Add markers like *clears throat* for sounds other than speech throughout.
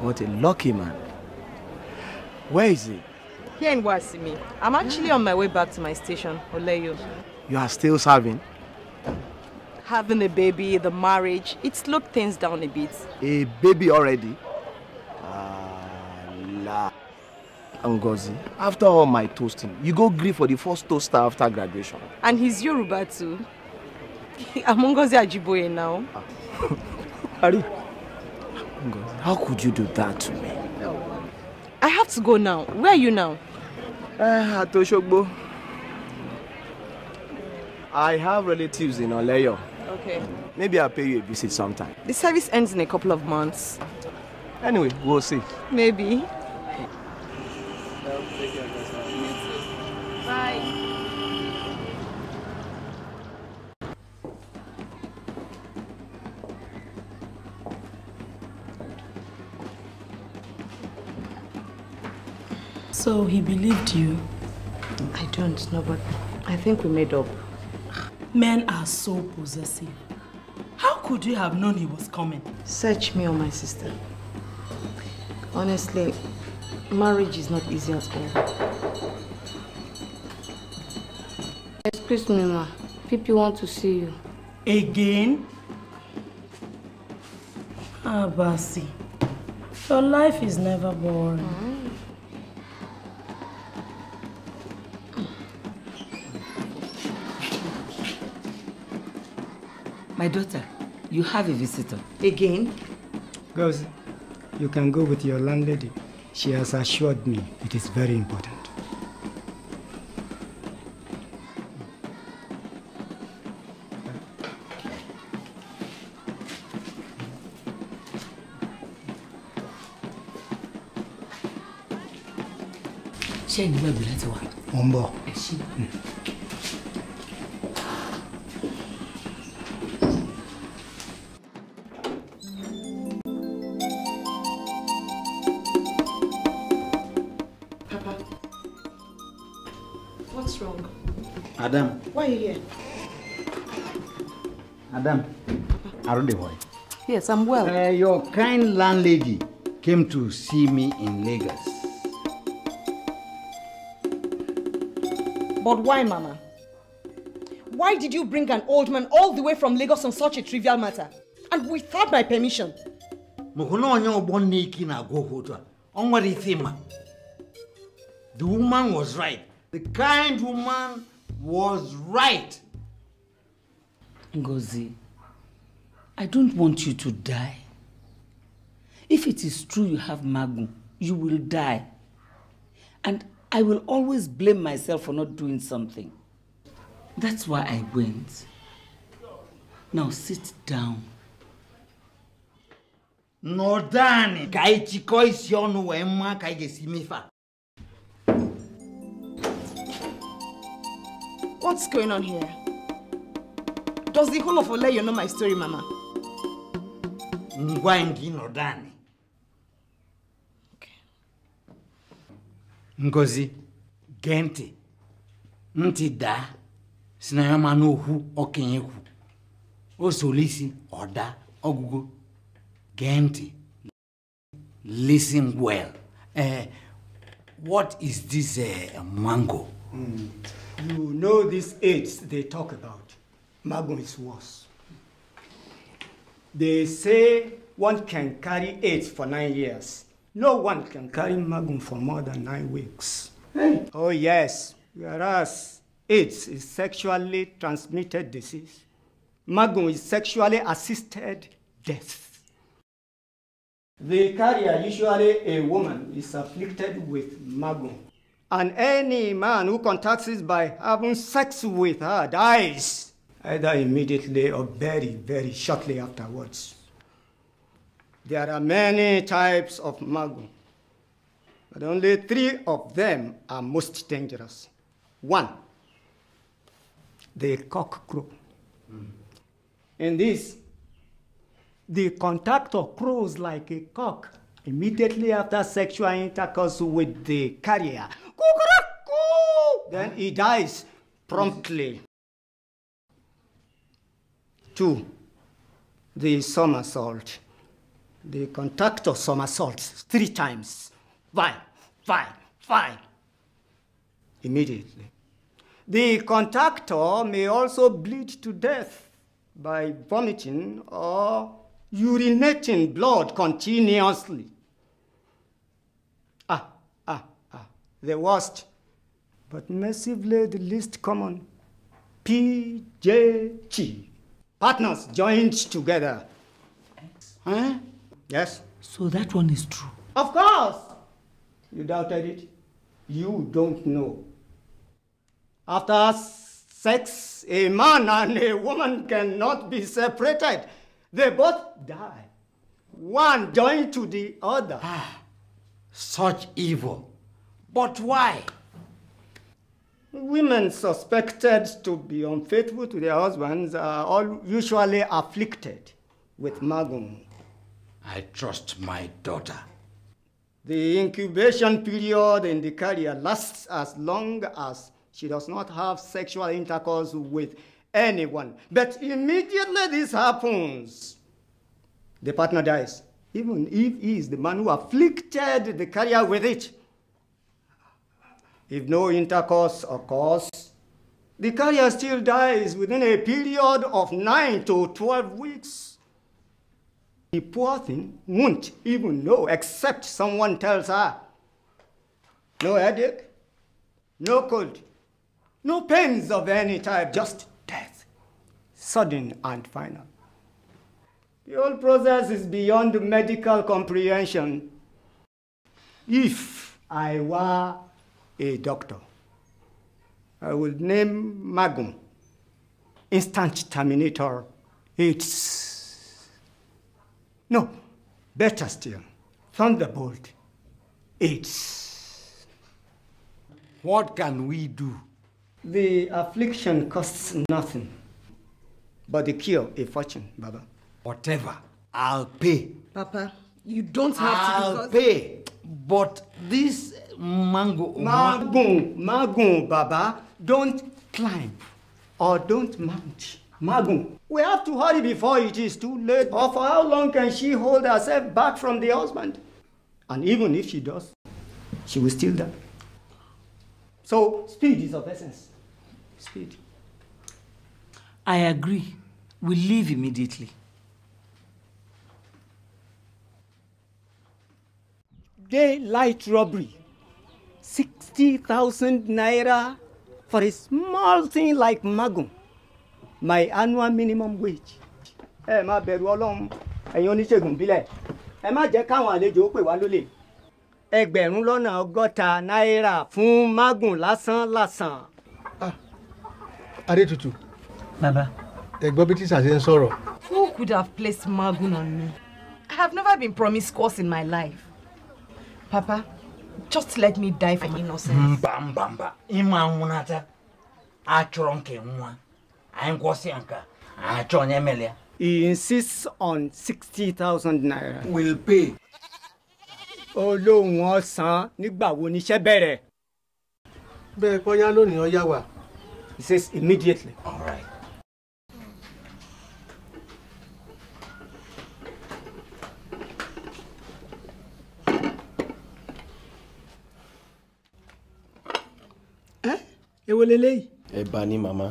What a lucky man. Where is he? Here in Wasimi. I'm actually on my way back to my station, Oleyo. You are still serving? Having a baby, the marriage, it slowed things down a bit. A baby already? Allah. Ngozi, after all my toasting, you go grieve for the first toaster after graduation. And he's Yoruba too. *laughs* I'm Ngozi Ajiboye now. Ari. Ah. *laughs* How could you do that to me? I have to go now. Where are you now? Uh, at Oshogbo. I have relatives in Oleyo. Okay. Maybe I'll pay you a visit sometime. The service ends in a couple of months. Anyway, we'll see. Maybe. Bye. So he believed you? I don't know, but I think we made up. Men are so possessive. How could you have known he was coming? Search me or my sister. Honestly, marriage is not easy at all. Excuse me, ma. People want to see you. Again? Abasi, ah, your life is never boring. Mm. My daughter, you have a visitor. Again? Girls, you can go with your landlady. She has assured me it is very important. ṣé ẹni gbàgbé láti wà. mo ń Adam. Why are you here? Adam, are you Arundeboy. Yes, I'm well. Uh, your kind landlady came to see me in Lagos. But why, Mama? Why did you bring an old man all the way from Lagos on such a trivial matter? And without my permission? The woman was right. The kind woman was right. Ngozi, I don't want you to die. If it is true you have Magu, you will die. And I will always blame myself for not doing something. That's why I went. Now sit down. Nọdani kai chikoi isi ọnụ wee mma What's going on here? Does the whole of Oleyo know my story, Mama? Ngwa ndị nọdụ Ngozi, gee Ntida, ntị daa, si na ya Oda, n'okwu okenye kwu. Listen well. Uh, what is this uh, mango? Mm. You know these AIDS they talk about. magum is worse. They say one can carry AIDS for nine years. No one can carry magum for more than nine weeks. Hey. Oh, yes. Whereas AIDS is sexually transmitted disease, magum is sexually assisted death. The carrier, usually a woman, is afflicted with magum and any man who contacts it by having sex with her dies, either immediately or very, very shortly afterwards. There are many types of mago, but only three of them are most dangerous. One, the cock crow. Mm. In this, the contactor crows like a cock immediately after sexual intercourse with the carrier then he dies promptly. Two, the somersault, the contactor somersault, three times. Why? fine, fine. Immediately. The contactor may also bleed to death by vomiting or urinating blood continuously. Ah, ah, ah. The worst but massively the least common, PJG. Partners joined together. Huh? Yes? So that one is true. Of course! You doubted it? You don't know. After sex, a man and a woman cannot be separated. They both die. One joined to the other. Ah, such evil. But why? Women suspected to be unfaithful to their husbands are all usually afflicted with magum. I trust my daughter. The incubation period in the carrier lasts as long as she does not have sexual intercourse with anyone. But immediately this happens, the partner dies, even if he is the man who afflicted the carrier with it. If no intercourse occurs, the carrier still dies within a period of 9 to 12 weeks. The poor thing won't even know except someone tells her. No headache, no cold, no pains of any type, just death, sudden and final. The whole process is beyond medical comprehension. If I were a doctor. I would name Magum, instant terminator. It's no, better still, Thunderbolt. It's what can we do? The affliction costs nothing, but the cure a fortune, Baba. Whatever, I'll pay. Papa, you don't have I'll to. I'll because... pay, but this mango. mango, mango, Baba. Don't climb or don't mount. Mago. We have to hurry before it is too late. Or for how long can she hold herself back from the husband? And even if she does, she will still die. So speed is of essence. Speed. I agree. We leave immediately. Daylight robbery 60,000 naira for a small thing like magun my annual minimum wage. ẹ má bẹ̀rù ọlọ́run ẹ̀yin oníṣègùn bílẹ̀ ẹ má jẹ́ káwọn àlejò ó pè wá lólè. ẹgbẹ̀rún lọ́nà ọgọ́ta náírà fún magun lásán lásán. Ah, adétutù. bàbá. ẹ gbọ́ bí tíṣà ṣe ń sọ̀rọ̀. who could have placed magun on me? I have never been promised course in my life. papa just let me die for my innocence. mba mba mba ịma nwụnata achọrọ nke nwa anyị gwọsịa nka achọ onye mere ya. He insists on sixty thousand naira. will pay. olóhùn ọ̀sán nígbà wo níṣẹ́ bẹ̀rẹ̀. bẹ́ẹ̀ kọ́ yá lónìí ọ wa. he says immediately. all right. èwo leléyìí. ni mama.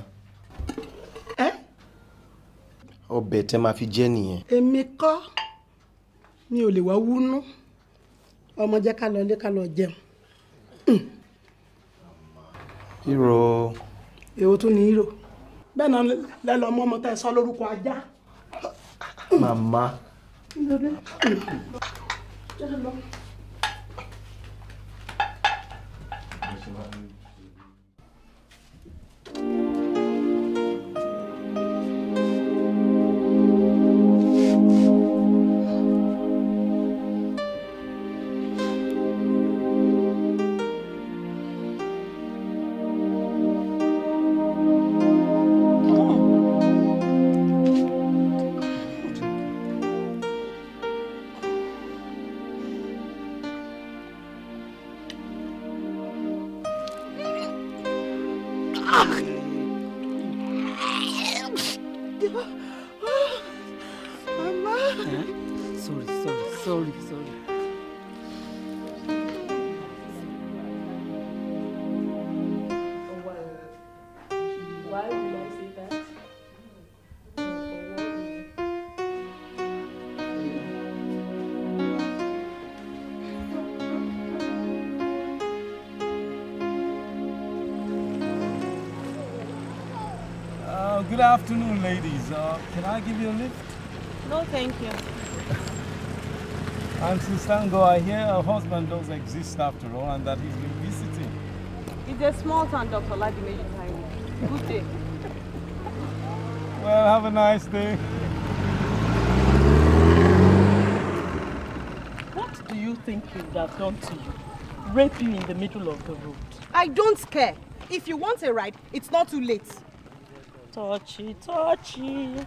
ẹ. ọbẹ̀ tẹ́ fi jẹ nìyẹn. èmi kọ́ mi ò lè wá wúnú ọmọ jẹ́ ká lọ ilé ká lọ jẹun. *clears throat* èwo tún ni irọ́ bẹ́ẹ̀ náà lẹ́lọ́ mọ́ ọmọ tẹ́ sọ lórúkọ ajá. *clears throat* Sorry, sorry, sorry, sorry. Good afternoon, ladies. Uh, can I give you a lift? No, thank you. I'm Sistango. I hear a husband does exist after all and that he's been visiting. It's a small town, Dr. Ladimeji Taiwo. Good day. well, have a nice day. What do you think he would have done to you? Raping in the middle of the road? I don't care. If you want a ride, it's not too late touchy, touchy.